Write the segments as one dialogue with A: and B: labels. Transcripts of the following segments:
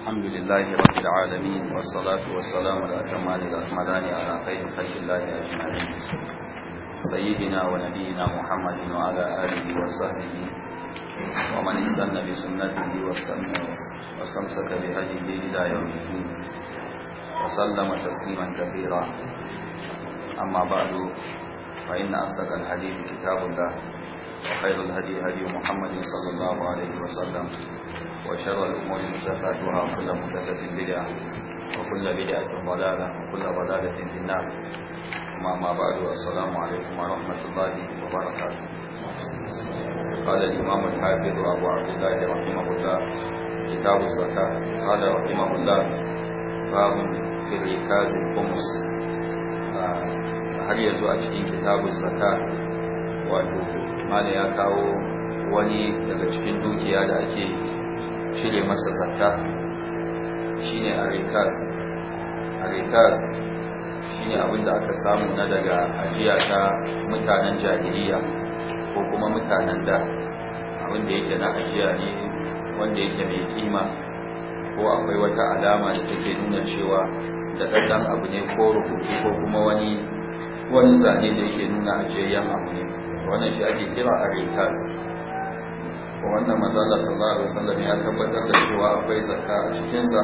A: الحمد لله رب العالمين والصلاة والسلام أكمال الأحمدان على خير خير الله أجمعين سيدنا ونبينا محمد وعلى آله وصحبه ومن استنى بسنته واستمسك بهجه إلى يوم الدين وسلم تسليما كثيرا أما بعد فإن أصدق الحديث كتاب الله وخير الهدي هدي محمد صلى الله عليه وسلم وشر الأمور مستفاتها وكل محدثة بدعة وكل بدعة ضلالة وكل ضلالة في النار ثم ما بعد السلام عليكم ورحمة الله وبركاته قال الإمام الحافظ أبو عبد الله رحمه الله كتاب الزكاة قال رحمه الله باب في ركاز الخمس هل يزوى a cikin kitabun zaka wato mana ya kawo wani daga cikin dukiya da ake cire masa zakka shine arikas arikas shi abin da aka samu na daga ajiya ta mutanen jahiliya ko kuma mutanen da abin da yake na ajiya ne wanda yake mai kima ko akwai wata alama da take nuna cewa da ɗanɗan abu ne ko rubutu ko kuma wani wani zane da yake nuna ajiyayyen abu ne wannan shi ake kira arikas wannan mazala sallallahu alaihi wasallam ya tabbatar da cewa akwai zakka a cikinsa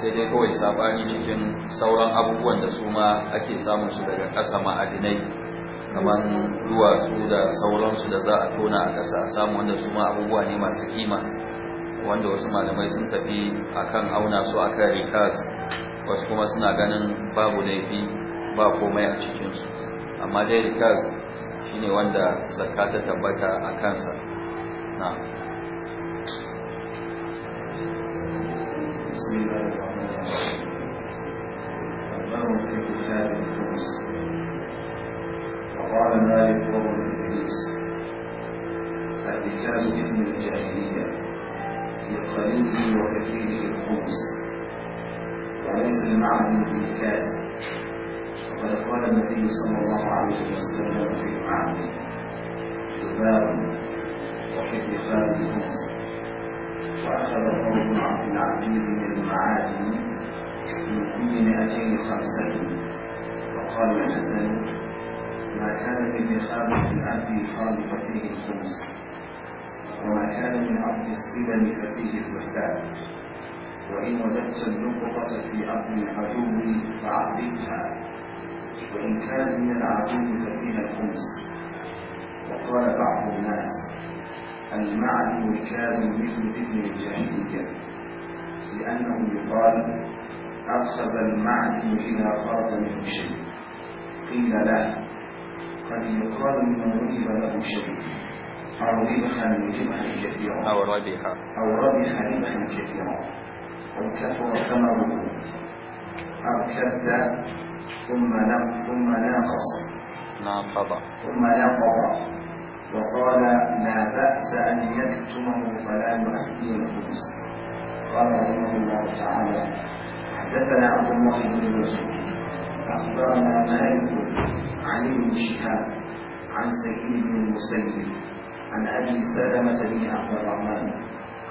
A: sai dai kawai sabani cikin sauran abubuwan da su ma ake samun su daga ƙasa ma'adinai kamar duwatsu da sauransu da za a tona a ƙasa a samu wanda su ma abubuwa ne masu kima wanda wasu malamai sun tafi akan auna su akan rikas wasu kuma suna ganin babu laifi ba komai a cikinsu amma dai rikas shine wanda zakka ta tabbata a kansa na
B: وقال مالك وابن ادريس الرجال ابن الجاهليه في قليله وكثيره الخبز وليس المعهد بالكاد وقد قال النبي صلى الله عليه وسلم عن ذباب وحب خالد مصر وأخذ عمر بن عبد العزيز من المعادن من كل مئتين خمسة وقال الحسن ما كان من لخازن العبد الحرم ففيه الخمس وما كان من أرض السلم ففيه الزكاة وإن وجدت النقطة في أرض العدو فعبدها وإن كان من العدو ففيها الأنس وقال بعض الناس المعلم الكاظم مثل ابن الجاهلية لأنه يقال أخذ المعلم إذا فرض منه شيء قيل له قد يقال من ركب له شيء أو ربح ربحا كثيرا أو ربح أو ربح ربحا كثيرا أو كثر ثمره أو كذا ثم ثم ناقص ناقض ثم ناقض وقال لا بأس أن يكتمه فلا يؤدي الخمس قال رحمه الله تعالى حدثنا عبد الله بن يوسف أخبرنا مالك عن ابن شهاب عن سيد بن المسيب عن أبي سلمة بن عبد الرحمن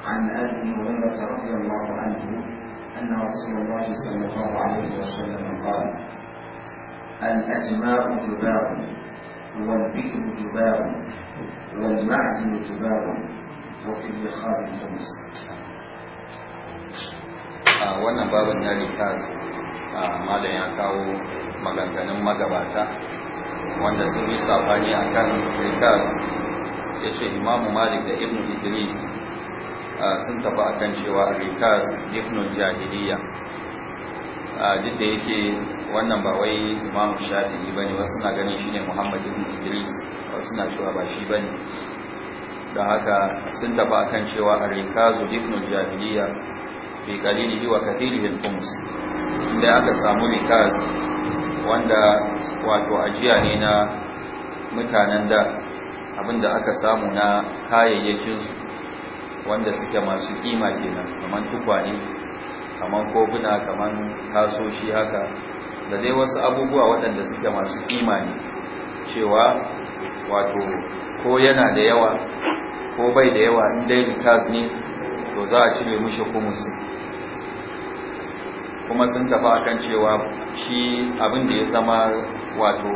B: عن أبي هريرة رضي الله عنه أن رسول الله صلى الله عليه وسلم قال الأجماع جباب والبكر جباب والمعدن جباب وفي المخاز الخمس
A: wannan babin na rikaz malam ya kawo maganganun magabata wanda sun yi safani a imamu malik da ibnu idris sun tafi akan cewa rikaz ibn jahiliya duk da yake wannan ba wai imamu shafi'i ba ne wasu na ganin shi ne muhammad idris wasu na cewa ba shi ba ne don haka sun tafa kan cewa a rikazu ibn jahiliya fi kalilihi wa kathirihin kumus inda aka samu rikaz wanda wato ajiya ne na mutanen da abinda aka samu na kayayyakinsu wanda suke masu kima kenan kamar tukwane kamar kofuna kamar tasoshi haka da dai wasu abubuwa waɗanda suke masu imani cewa wato ko yana da yawa ko bai da yawa in dai likas ne to za a cire mishi kumusi kuma sun tafi akan cewa shi abin da ya zama wato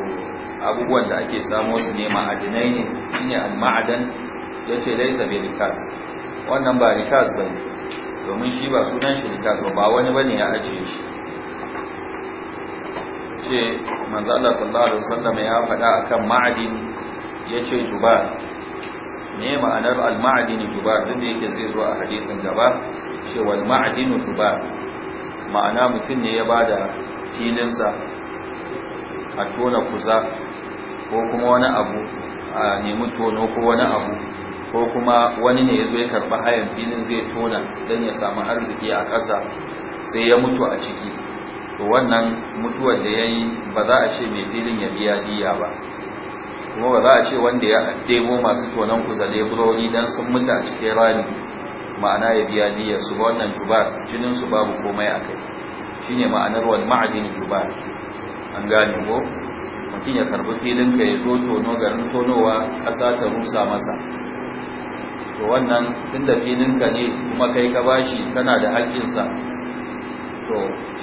A: abubuwan da ake samo su ne ma'adinai ne shine al-ma'adan yace laisa bi likas wannan ba likas bane domin shi ba sunan shi likafin ba wani bane ya ajiye shi ce manzo Allah sallallahu alaihi wasallam ya faɗa akan ma'adin yace jubar me ma'anar al-ma'adin jubar din da yake zai zo a hadisin gaba ce wal maadin jubar ma'ana mutum ne ya bada sa a tona kuza ko kuma wani abu a nemi tono ko wani abu ko kuma wani ne ya zo ya karɓi hayan filin zai tona don ya samu arziki a ƙasa sai ya mutu a ciki to wannan mutuwar da ya yi ba za a ce mai filin ya biya diya ba kuma ba za a ce wanda ya debo masu tonon kuzale burori don sun mutu a cikin rani ma'ana ya biya diya su ba wannan jubar jinin su babu komai a kai shine ma'anar wani ma'adin jubar an gane ko mutum ya karɓi filin ka ya zo tono garin tonowa ƙasa ta rusa masa to wannan tun da ka ne kuma kai ka bashi kana da haƙƙinsa to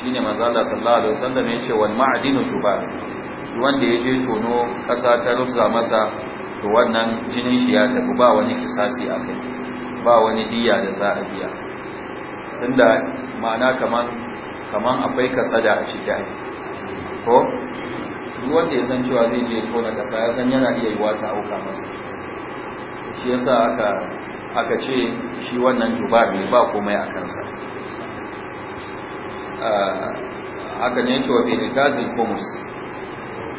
A: shine ne mazala sallallahu alaihi wasallam ya ce wani ma'adinu shuba wanda ya je tono ƙasa ta rufsa masa to wannan jinin shi ya tafi ba wani kisasi a kai ba wani diya da za a biya tunda ma'ana kaman kaman akwai kasada a ciki ko duk wanda ya san cewa zai je tona ƙasa ya san yana iya yi ta auka masa shi yasa aka aka ce shi wannan juba ne ba komai a kansa ah, haka ne yake wa belikazin komus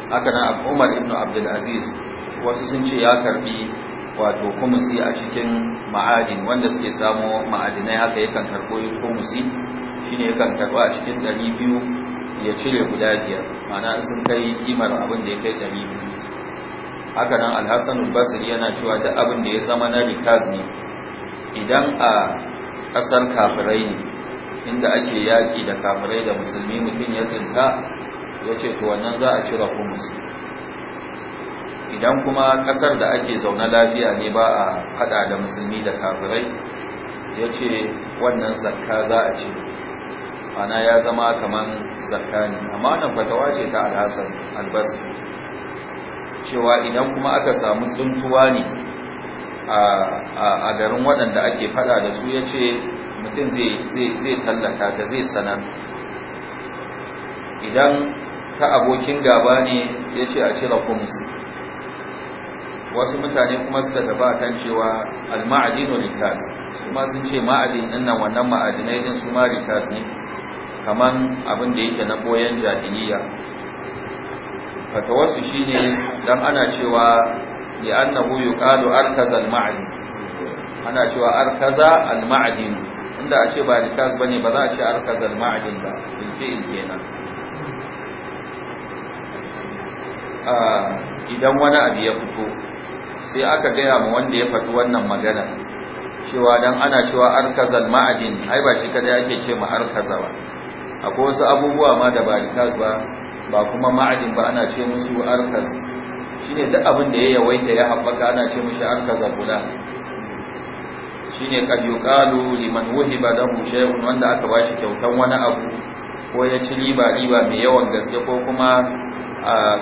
A: haka na umar ibn abdulaziz wasu sun ce ya karbi wato komusi a cikin ma'adin wanda suke samo ma'adinai haka yakan karbo shi ne yakan karba a cikin biyu. ya cire guda biyar mana sun kai imar abin da ya kai 200 haka nan alhassan Basir yana cewa da abin da ya zama na rikaz idan a ƙasar kafirai ne inda ake yaƙi da kafirai da musulmi mutum ya tsinta ya ce to wannan za a cire humus idan kuma ƙasar da ake zaune lafiya ne ba a haɗa da musulmi da kafirai ya ce wannan zakka za a cire ana ya zama kamar zakka ne amma nan fatawa ce ta alhassan albasri cewa idan kuma aka samu tsuntuwa ne a garin waɗanda ake fada da su ya ce mutum zai tallata da zai sanar idan ta abokin gaba ne ya ce a cira kumsi wasu mutane kuma suka gaba kan cewa al-ma'adinu rikas kuma sun ce ma'adin ɗin wannan ma'adinai din su ma rikas ne kamar abin da yake na boyan jahiliya shi shine dan ana cewa li annahu yuqalu arkaza al ana cewa arkaza al-ma'din inda a ce ba rikaz bane ba za a ce arkaza al in ba fi'il kenan idan wani abu ya fito sai aka gaya ma wanda ya faɗi wannan magana cewa dan ana cewa arkazal ma'adin ai ba shi kada yake ce ma arkaza ba akwai wasu abubuwa ma da ba rikas ba ba kuma ma'adin ba ana ce musu arkas shine duk abin da ya yawaita ya habbaka ana ce mishi an kaza fulan shine kad yuqalu liman wuhiba lahu shay'un wanda aka bashi kyautan wani abu ko ya ci riba riba mai yawan gaske ko kuma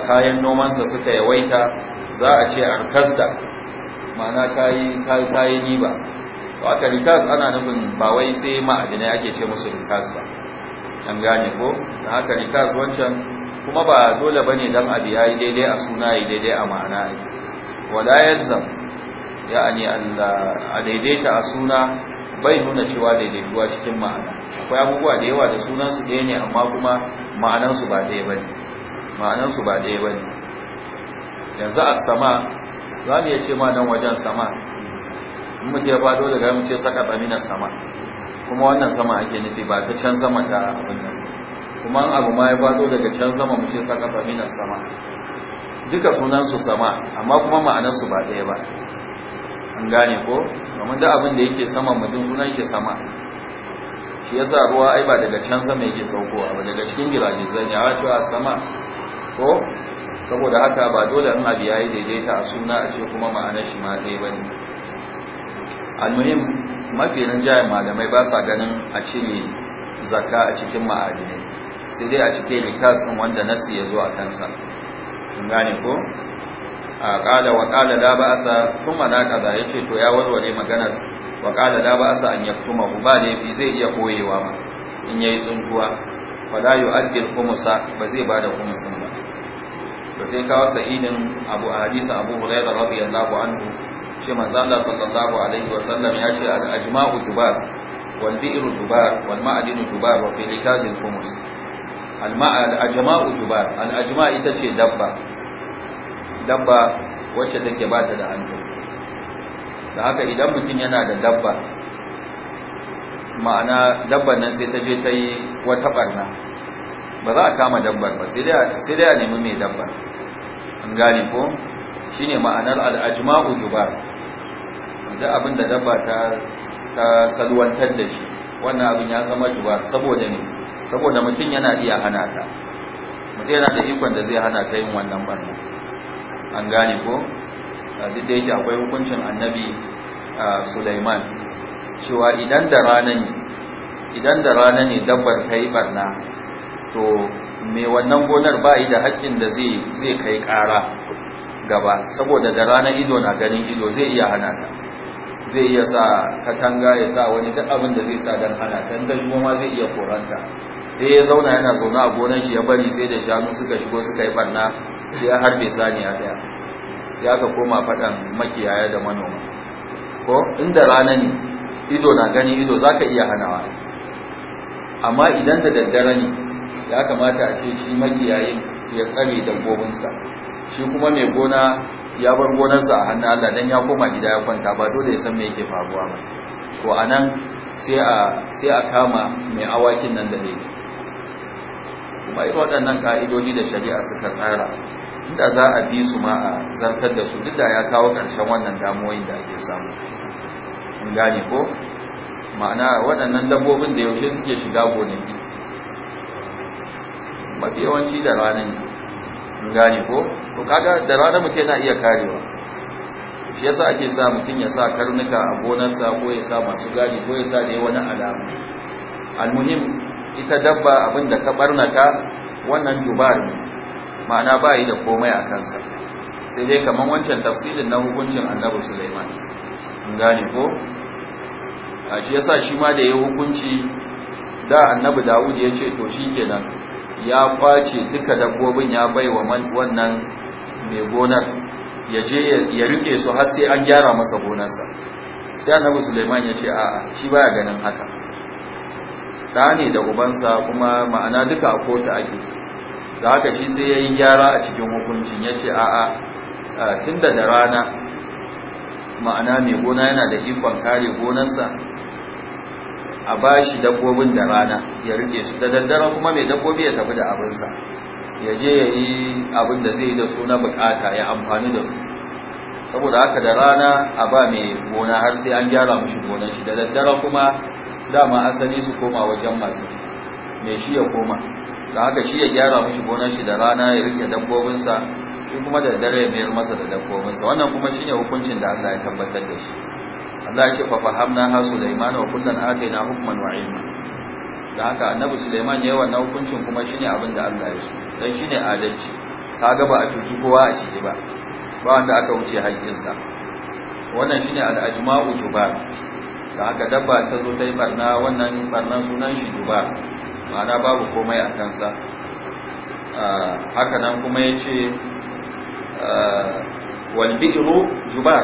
A: kayan nomansa suka yawaita za a ce arkasta ma'ana kayi ni riba to aka rikas ana nufin ba wai sai ma'adinai ake ce musu rikas ba an gane ko haka rikas wancan kuma ba dole bane dan abu yayi daidai a suna yayi daidai a ma'ana wala yalzam ya'ani a daidaita a suna bai nuna cewa daidai daidaituwa cikin ma'ana akwai abubuwa da yawa da sunan su ɗaya ne amma kuma ma'anan su ba ɗaya bane ma'anan su ba ɗaya bane yanzu a sama za mu iya ce ma nan wajen sama in muke ba dole ga mu ce saka bamina sama kuma wannan sama ake nufi ba ta can sama ta abin nan kuma an abu ma ya faɗo daga can sama mu ce saka saminan sama duka sunansu sama amma kuma ma'anarsu ba ɗaya ba an gane ko domin da abin da yake sama mutum sunan shi sama shi yasa ruwa ai ba daga can sama yake saukowa ba daga cikin zan ya wato a sama ko saboda haka ba dole in abu yayi daidaita a suna a ce kuma ma'anar shi ma ɗaya bane almuhim mafi nan jayin malamai ba sa ganin a cire zakka a cikin ma'adinai sai dai a cike likas ɗin wanda nasi ya zo a kansa kun gane ko a qala wa qala la ba'asa thumma la kaza yace to ya warware maganar wa qala la ba'asa an yaktuma ba da yafi zai iya koyewa ma in yayi tsuntuwa fa la yu'addi al-khumsa ba zai bada khumsin ba to sai kawo sa'idin abu hadisi abu hurairah radiyallahu anhu ce manzo Allah sallallahu alaihi Sallam ya ce al-ajma'u jubar wal bi'ru tubar wal ma'adinu jubar wa fi likazil kumus. al'ajma'u jubar al'ajma' ita ce dabba dabba wacce take ba ta da hankali? da haka idan mutum yana da dabba ma'ana dabban nan sai ta je ta yi wata barna ba za a kama dabbar ba sai dai a nemi mai dabbar an gane ko shi ne ma'anar al'ajma'u jubar da abin da dabba ta salwantar da shi wannan abin ya zama jubar saboda ne saboda mutum yana iya hana ta mutum yana da ikon da zai hana ta yin wannan barna an gane ko duk da yake akwai hukuncin annabi Sulaiman cewa idan da rana ne dabbar ta yi barna to me wannan gonar ba yi da haƙƙin da zai kai ƙara gaba saboda da rana ido na ganin ido zai iya hana ta zai iya sa katanga ya sa wani duk abin da zai sa don hana ta dan ma zai iya koranta sai ya zauna yana zauna a gonan shi ya bari sai da shanu suka shigo suka yi barna sai ya harbe saniya daya sai aka koma faɗan makiyaya da manoma ko inda rana ne ido na gani ido za ka iya hanawa amma idan da daddare ne ya kamata a ce shi makiyayin ya tsare dabbobinsa shi kuma mai gona ya bar gonarsa a hannun Allah dan ya koma gida ya kwanta ba dole ya san me yake faruwa ba ko a nan sai a kama mai awakin nan da laifi kuma waɗannan ƙa'idoji da shari'a suka tsara inda za a bi su ma a zartar da su duk da ya kawo ƙarshen wannan damuwoyin da ake samu in gane ko ma'ana waɗannan dabbobin da yaushe suke shiga gonaki mafi yawanci da ranar in gane ko to kaga da ranar mutum yana iya karewa shi yasa ake sa mutum ya sa karnuka a gonarsa ko ya sa masu gadi ko ya sa ne wani alamu almuhim ita dabba abin da ka barnata wannan jubar ma'ana ba da komai a kansa sai dai kamar wancan tafsirin na hukuncin annabi Sulaiman in gane ko a shi yasa shi ma da ya hukunci da annabi Dawud ya ce to shi shikenan ya kwace duka dabbobin ya baiwa wannan mai gonar ya je ya rike su har sai an gyara masa gonarsa sai annabi Sulaiman ya ce a'a shi baya ganin haka Da ne da ubansa kuma ma'ana duka a kotu ake da haka shi sai ya yi gyara a cikin hukuncin ya ce a'a tun da rana ma'ana mai gona yana da ikon kare gonarsa a ba shi dabbobin da rana ya rike su da daddare kuma mai dabbobi ya tafi da abinsa ya je ya yi abin da zai yi da su na bukata ya amfani da su saboda haka da rana a ba mai gona har sai an gyara mushi gonar shi da daddara kuma dama asali su koma wajen masu mai shi ya koma da haka shi ya gyara mushi gonar shi da rana ya rike dabbobinsa shi kuma da dare ya mayar masa da dabbobinsa wannan kuma shine hukuncin da Allah ya tabbatar da shi Allah ya ce fa fahamna ha Sulaiman wa kullan atayna hukman wa ilma da haka annabi Sulaiman yi wannan hukuncin kuma shine abin da Allah ya so dan shine adalci ga ba a cuci kowa a ciki ba ba wanda aka wuce haƙƙinsa wannan shine al-ajma'u jubar da haka dabba ta zo ta yi barna wannan barna sunan shi juba ma'ana babu komai a kansa haka nan kuma ya ce walbi'iru juba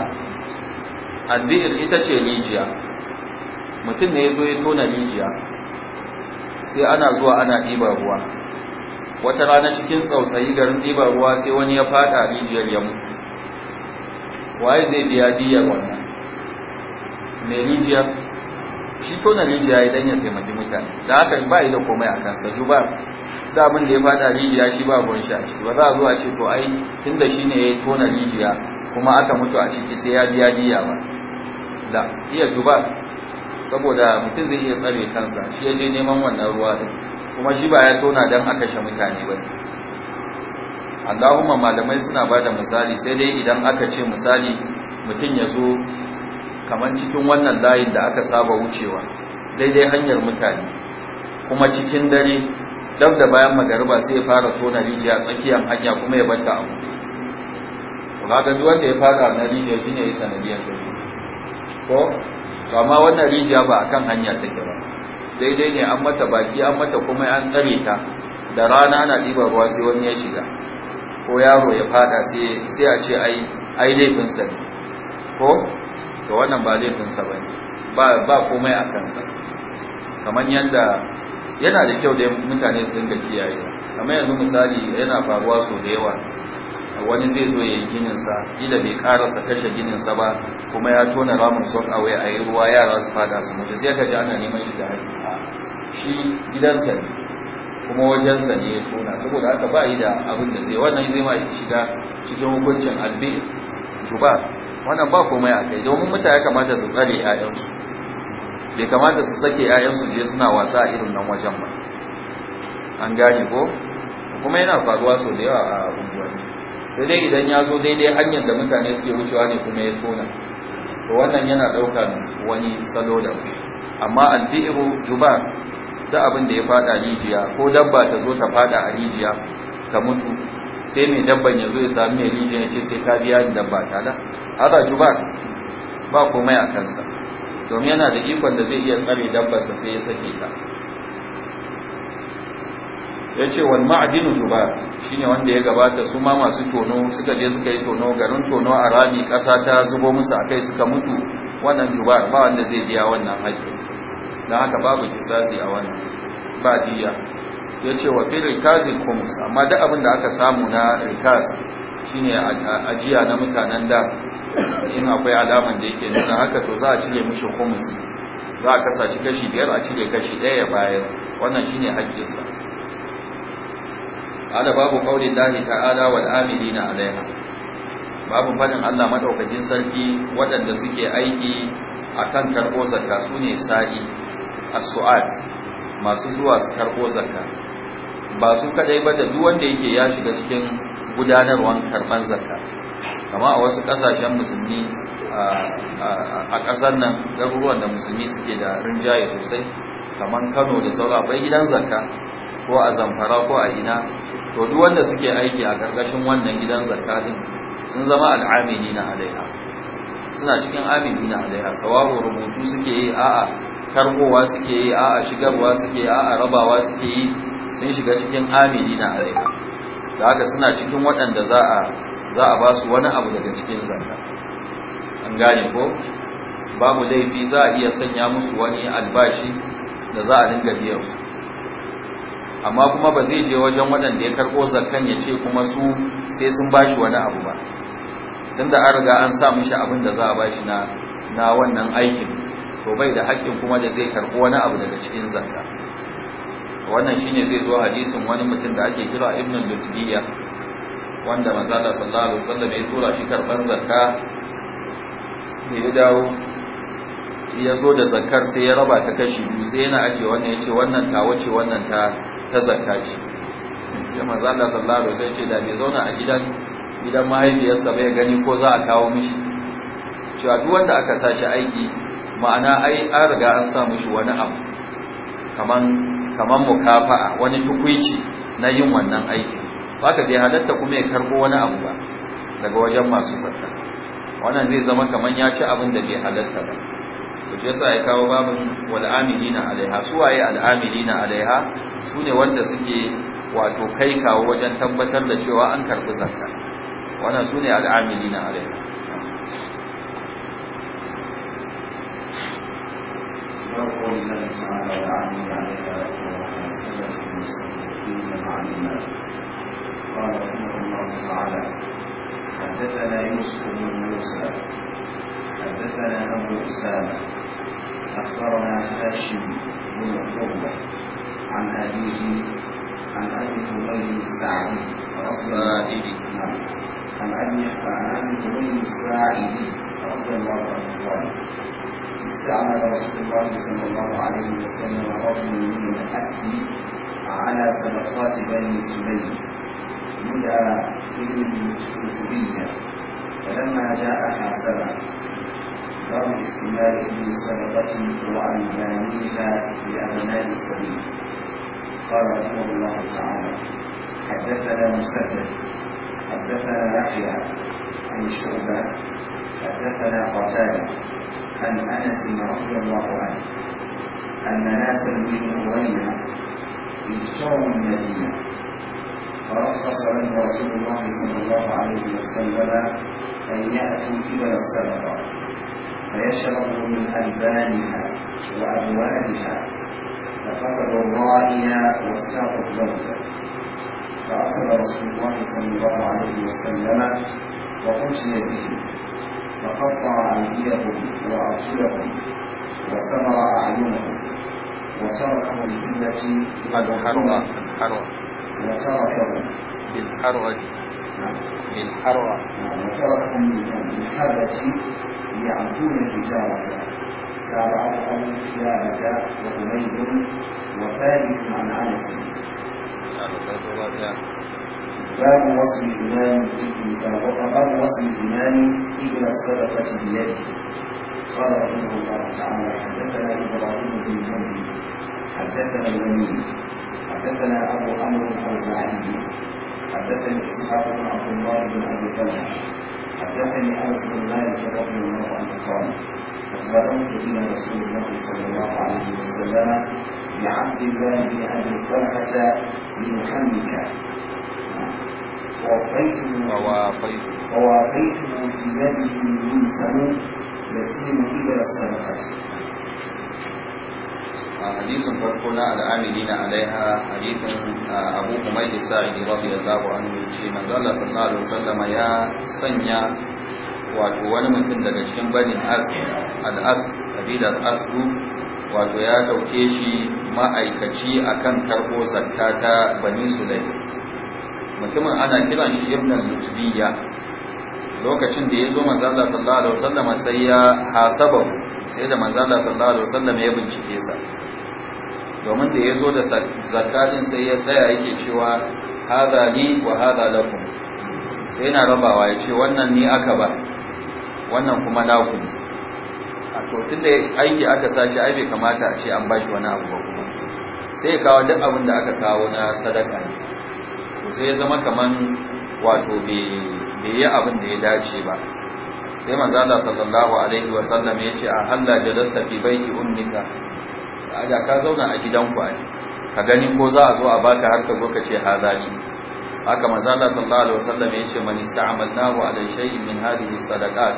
A: albi'ir ita ce rijiya mutum ne ya zo ya tona rijiya sai ana zuwa ana ɗiba ruwa wata rana cikin tsautsayi garin ɗiba ruwa sai wani ya fada rijiyar ya mutu waye zai biya diyar wannan mai rijiya shi tona rijiya idan ya taimaki mutane da haka ba yi da komai a kansa juba da abin da ya fada rijiya shi ba gon shi a ciki ba za a zo a ce to ai tunda shi ne ya tona rijiya kuma aka mutu a ciki sai ya biya diya ba la iya juba saboda mutum zai iya tsare kansa shi ya je neman wannan ruwa din kuma shi ba ya tona don a kashe mutane ba Allahumma malamai suna bada misali sai dai idan aka ce misali mutum ya zo kamar cikin wannan layin da aka saba wucewa daidai hanyar mutane kuma cikin dare dab da bayan magariba sai ya fara tona rijiya tsakiyar hanya kuma ya banta abu to kaga duk wanda ya fara na rijiya shine ya sanadiyar da ko amma wannan rijiya ba akan hanya take ba daidai ne an mata baki an mata kuma an tsare ta da rana ana ɗiba ruwa sai wani ya shiga ko yaro ya fada sai a ce ai laifin sa ko to wannan ba laifinsa ba ne ba komai a kansa kamar yadda yana da kyau da mutane su dinga kiyaye kamar yanzu misali yana faruwa sau da yawa wani zai zo ya yi gininsa ila bai karasa kashe gininsa ba kuma ya tona ramin sok a wai a yi ruwa yara su fada su mutu sai ka ji ana neman shi da haƙi shi gidansa ne kuma wajensa ne ya tona saboda haka ba yi da abin da zai wannan zai ma shiga cikin hukuncin albi wannan ba komai a kai domin mutane kamata su tsare 'ya'yansu bai kamata su sake 'ya'yansu je suna wasa a irin nan wajen ba an gane ko kuma yana faruwa sau da yawa a unguwanni sai dai idan ya zo daidai hanyar da mutane suke wucewa ne kuma ya tona to wannan yana ɗaukar wani salo da amma albi'iru juba ta abin da ya fada rijiya ko dabba ta zo ta fada a rijiya ka mutu sai mai dabban ya ya sami mai rijiyar ya ce sai ka biya ni dabba ta da ba jubar ba komai a kansa domin yana da ikon da zai iya tsare dabbarsa sai ya sake ta ya ce wani ma'adinu jubar shi ne wanda ya gabata su ma masu tono suka je suka yi tono garin tono a rami ƙasa ta zubo musu a kai suka mutu wannan jubar ba wanda zai biya wannan haƙƙi don haka babu kisasi a wannan ba diya ya ce wa fi Kazi komus" amma duk abin da aka samu na Rikas shine ajiya na mutanen da in akwai alaman da yake nuna haka to za a cire mishi komus za a kasa shi kashi biyar a cire kashi daya ya bayar wannan shine haƙƙinsa ala babu kaulin lahi ta'ala wal na alaiha babu faɗin Allah madaukakin sarki waɗanda suke aiki a kan karɓo zakka su ne sa'i as-su'at masu zuwa su karɓo zakka ba su kadai ba da duk wanda yake ya shiga cikin gudanarwan karban zakka kama a wasu kasashen musulmi a kasar nan garuruwan da musulmi suke da rinjaye sosai kamar Kano da sauran bai gidan zakka ko a Zamfara ko a ina to duk wanda suke aiki a karkashin wannan gidan zakka din sun zama na alaiha suna cikin na alaiha sawabu rubutu suke yi a'a karbowa suke yi a'a shigarwa suke yi a'a rabawa suke yi sun shiga cikin a alaiha da haka suna cikin waɗanda za a za a ba su wani abu daga cikin zanga. an gane ko babu laifi za a iya sanya musu wani albashi da za a dinga biyan amma kuma ba zai je wajen waɗanda ya karɓo Zakan ya ce kuma su sai sun bashi wani abu ba don da an riga an sa mishi abin da za a bashi na na wannan aikin to bai da haƙƙin kuma da zai karɓo wani abu daga cikin zanga. wannan shine zai zo hadisin wani mutum da ake kira ibn lutbiya wanda manzala sallallahu alaihi wasallam ya tura shi karban zakka da ya dawo ya zo da zakkar sai ya raba ta kashi biyu sai yana aje wannan ya ce wannan ta wace wannan ta ta zakka ce sai manzala sallallahu alaihi wasallam ya ce da bai zauna a gidan gidan mahaifiyarsa bai gani ko za a kawo mishi cewa duk wanda aka sa shi aiki ma'ana ai an riga an sa mishi wani abu kaman kamar mukafa'a wani tukuici na yin wannan aiki ba ka bai halatta kuma ya karbo wani abu ba daga wajen masu zakka wannan zai zama kamar ya ci abin da bai halatta ba to shi yasa ya kawo babin wal amilina alaiha su waye al amilina alaiha sune wanda suke wato kai kawo wajen tabbatar da cewa an karbi zakka wannan su ne al amilina alaiha
B: استغفر الله تعالى وعلي عليها وعلى سنة المستقيم مع الإمام قال رحمه الله تعالى حدثنا يوسف بن موسى حدثنا أبو أسامة أخبرنا هاشم بن عقبة عن أبيه عن أبي هريرة الساعدي الساعدي نعم عن أبي عن أبي هريرة الساعدي رضي الله عنه قال استعمل رسول الله صلى الله عليه وسلم رجل من الأسد على صدقات بني سليم مدعى ابن الكتبيه فلما جاء حاسبه قام استعمال ابن صدقة وألبانيها لأبناء السبيل قال رحمه الله تعالى حدثنا مسدد حدثنا يحيى عن الشربه حدثنا قتادة عن أنس رضي الله عنه أن ناسا من هريرة اجتروا المدينة فرخص لهم رسول الله صلى الله عليه وسلم أن يأتوا إلى السلطة فيشربوا من ألبانها وأبوابها فقتلوا الرائي واستاقوا الضوء فأرسل رسول الله صلى الله عليه وسلم وقلت به فقطع أيديهم وأرجلهم وسمر أعينهم وتركهم لحمة
A: بالحروة
B: وتركهم بالحروة نعم. بالحروة نعم. وتركهم بالحرة يعبدون الحجارة تابعه أبو قلابة وأمير وثالث عن أنس باب وصل الإمام باب وصل الإمام إلى الصدقة بيده قال رحمه الله تعالى حدثنا إبراهيم بن مهدي حدثنا الوليد حدثنا أبو عمرو الأوزاعي حدثني إسحاق بن عبد الله بن أبي طلحة حدثني أنس بن مالك رضي الله عنه قال أخبرني بنا رسول الله صلى الله عليه وسلم لعبد الله بن أبي طلحة ليحنك ووافيته في يده ميزان يسير إلى السماوات
A: حديث فرقنا العاملين عليها حديث أبو حميد الساعدي رضي الله عنه شيء من قال صلى الله عليه وسلم يا سنيا wato wani mutum daga cikin banin al'as kabilar asru wato ya dauke shi ma'aikaci akan karbo zakka ta bani sulai mutumin ana kiran shi ibn al lokacin da ya zo manzala sallallahu alaihi wasallam sai ya hasaba sai da manzala sallallahu alaihi wasallam ya bincike sa domin da ya zo da zakatin sai ya tsaya yake cewa hada li wa hada lakum sai yana rabawa ya ce wannan ni aka ba wannan kuma naku ne a to tunda aiki aka sashi ai bai kamata a ce an bashi wani abu ba kuma sai ya kawo duk abin da aka kawo na sadaka ne sai ya zama kaman wato bai yi abin da ya dace ba sai manzala sallallahu alaihi wa sallam ya ce a da jalasta fi baiti ummika aga ka zauna a gidanku ne ka gani ko za a zo a baka har ka zo ka ce hazali haka manzala sallallahu alaihi wa sallam ya ce man wa ala shay'in min hadhihi sadaqat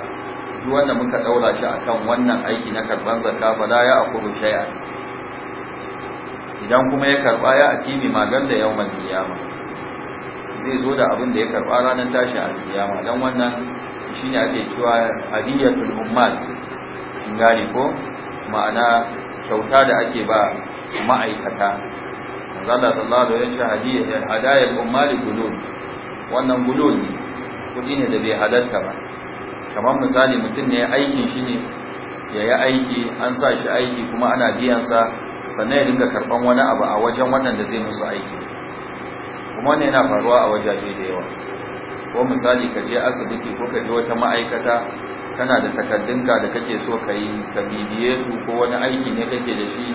A: duk wanda muka daura shi akan wannan aiki na karban zakka fa la ya shaya. shay'an idan kuma ya karba ya akimi magan da yawmal qiyamah zai zo da abin da ya karɓa ranar tashi a kiyama don wannan shi ne ake cewa hadiyatul ummal in gane ko ma'ana kyauta da ake ba ma'aikata zalla sallallahu alaihi wasallam ya hadayar ummal gulul wannan gulul ne kudi ne da bai halarta ba kamar misali mutum ne aikin shi ne ya yi aiki an sa shi aiki kuma ana biyan sa sannan ya dinga karban wani abu a wajen wannan da zai musu aiki kuma wannan yana faruwa a wajaje da yawa ko misali ka je asibiti ko ka je wata ma'aikata kana da takaddunka da kake so ka yi ka bibiye su ko wani aiki ne kake da shi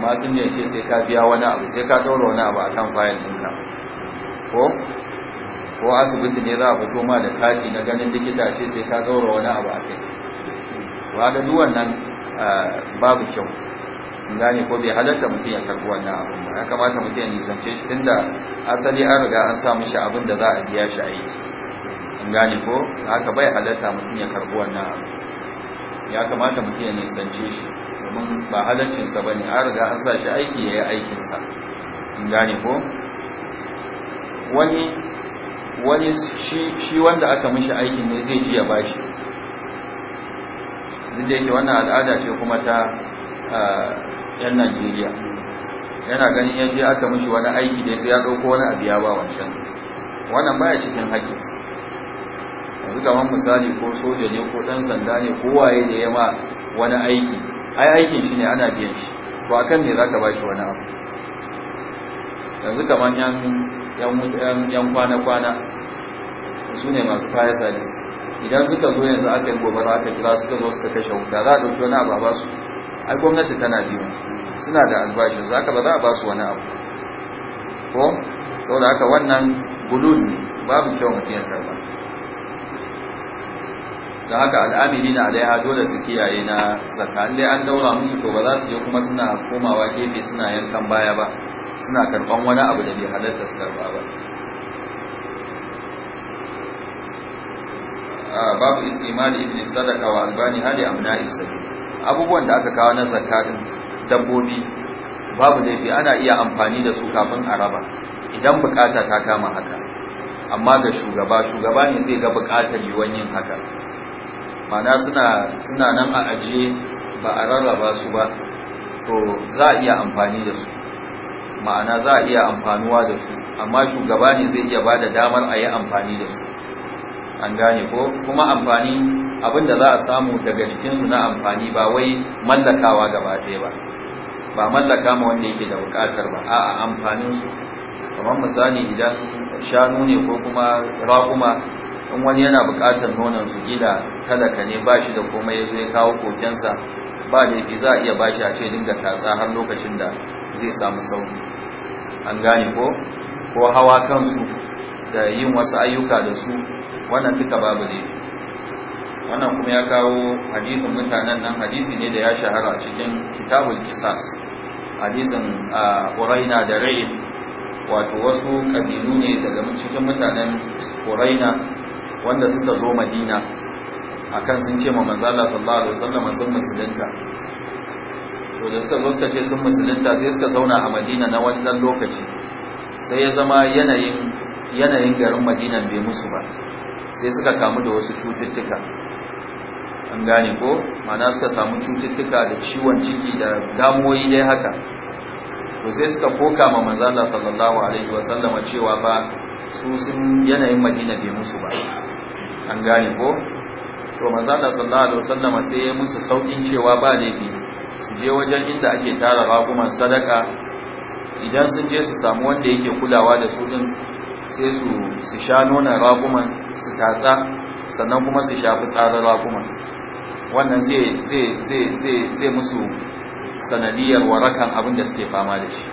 A: ma sun ne ce sai ka biya wani abu sai ka ɗaura wani abu kan fayil ɗinka ko ko asibiti ne za a fito ma da kati na ganin likita ce sai ka ɗaura wani abu a kai ba da nan ah, babu kyau gane ko bai halatta mutum ya karɓi wannan abin ba ya kamata mutum ya nisance shi Tun da asali an riga an sa mishi abin da za a biya shi aiki in gane ko haka bai halatta mutum ya karɓi wannan abin ya kamata mutum ya nisance shi domin ba halaccinsa ba ne an riga an sa shi aiki ya yi aikinsa in gane ko wani wani shi wanda aka mishi aikin ne zai ji ya bashi duk da yake wannan al'ada ce kuma ta 'yan najeriya yana ganin yaje je aka mishi wani aiki da sai ya ɗauko wani abu ya ba wancan wannan baya cikin haƙƙi yanzu kamar misali ko soja ne ko ɗan sanda ne ko waye da ya ma wani aiki ai aikin shi ne ana biyan shi to akan ne za ka ba shi wani abu yanzu kamar yan kwana-kwana su ne masu fire service idan suka zo yanzu aka yi gobara aka kira suka zo suka kashe wuta za a ɗauki wani abu a ba su ai gwamnati tana biyu suna da albashin su aka ba za a ba su wani abu ko saboda haka wannan gulun babu kyau mafi yankar ba Da haka al'amili na alaiha dole su kiyaye na zaka dai an daura musu to ba za su je kuma suna komawa gefe suna yankan baya ba suna karban wani abu da bai halatta su karba ba ah, babu istimali ibn sadaka wa albani hali amna isabi abubuwan da aka kawo na zakka dabbobi babu laifi ana iya amfani da su kafin a raba idan bukata ta kama haka amma ga shugaba shugaba ne zai ga bukatar yiwuwar yin haka mana suna suna nan a ajiye ba a rarraba su ba to za a iya amfani da su ma'ana za a iya amfanuwa da su amma shugaba ne zai iya ba da damar a yi amfani da su an gane ko kuma amfani abinda za a samu daga cikinsu na amfani ba wai mallakawa gaba ɗaya ba ba mallaka ma wanda yake da buƙatar ba a'a amfaninsu kamar misali idan shanu ne ko kuma raƙuma in wani yana buƙatar nonon su gida talaka ne ba shi da komai ya ya kawo kokensa ba da laifi za a iya bashi a ce dinga tatsa har lokacin da zai samu sauki an gane ko ko hawa kansu da yin wasu ayyuka da su wannan duka babu ne wannan kuma ya kawo hadisin mutanen nan hadisi ne da ya shahara a cikin kitabul kisas hadisin a ƙuraina da rai wato wasu ƙabilu ne daga cikin mutanen ƙuraina wanda suka zo madina akan sun ce ma sallallahu alaihi wasallam sun musulunta to da suka zo ce sun musulunta sai suka zauna a madina na wani lokaci sai ya zama yanayin yanayin garin madinan bai musu ba sai suka kamu da wasu cututtuka an gane ko mana suka samu cututtuka da ciwon ciki da damuwoyi dai haka to sai suka koka ma manzala sallallahu alaihi wasallama cewa ba su sun yanayin madina bai musu ba an gane ko to manzala sallallahu alaihi wasallama sai ya musu saukin cewa ba laifi su je wajen inda ake tara raguman sadaka idan sun je su samu wanda yake kulawa da su din sai su su sha nonon raguman su tatsa sannan kuma su sha fitsarin raguman wannan zai musu sanadiyar warakan abin da suke fama da shi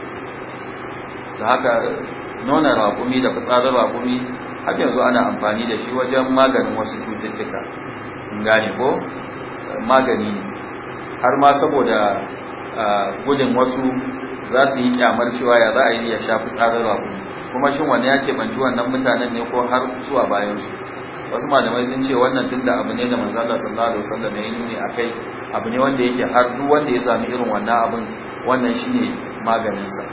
A: da haka nonon ragumi da fitsarin ragumi har yanzu ana amfani da shi wajen maganin wasu cututtuka gane ko magani har ma saboda ah, gudun wasu za su yi kyamar cewa ya za a yi ya shafi tsarin raƙumi kuma shin wani ya banci wannan mutanen ne ko har zuwa bayansu wasu malamai sun ce wannan tunda abu ne da manzala sallallahu alaihi wasallam ya nuni akai abu ne wanda yake har duk wanda ya sami irin wannan abin wannan shine maganin sa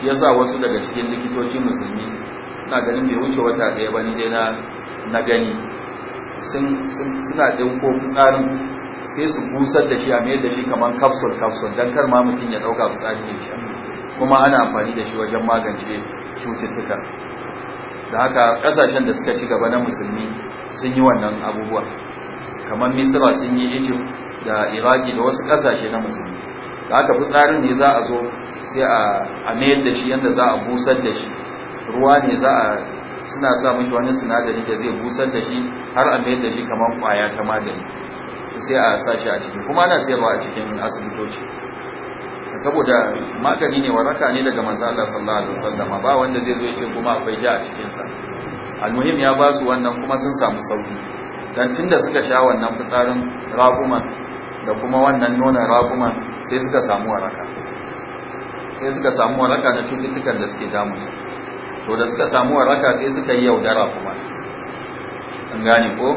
A: shi yasa wasu daga cikin likitoci musulmi na ganin bai wuce wata ɗaya ba ni dai na gani sun suna dinko tsarin sai su busar da shi a mayar da shi kamar capsule capsule don kar ma mutum ya dauka fitsari ya sha kuma ana amfani da shi wajen magance cututtuka da haka kasashen da suka ci gaba na musulmi sun yi wannan abubuwa kamar misira sun yi egypt da iraki da wasu kasashe na musulmi da haka fitsarin ne za a zo sai a mayar da shi yadda za a busar da shi ruwa ne za a suna sa yi wani sinadari da zai busar da shi har a mayar da shi kamar kwaya ta magani sai a sashi a ciki kuma ana sayarwa a cikin asibitoci saboda magani ne waraka ne daga manzo Allah sallallahu alaihi wasallam ba wanda zai zo ya ce kuma akwai ja a cikin sa almuhim ya ba su wannan kuma sun samu sauki dan tunda suka sha wannan fitsarin raguman da kuma wannan nonon raguman sai suka samu waraka sai suka samu waraka na cututtukan da suke damu to da suka samu waraka sai suka yi yaudara kuma an gane ko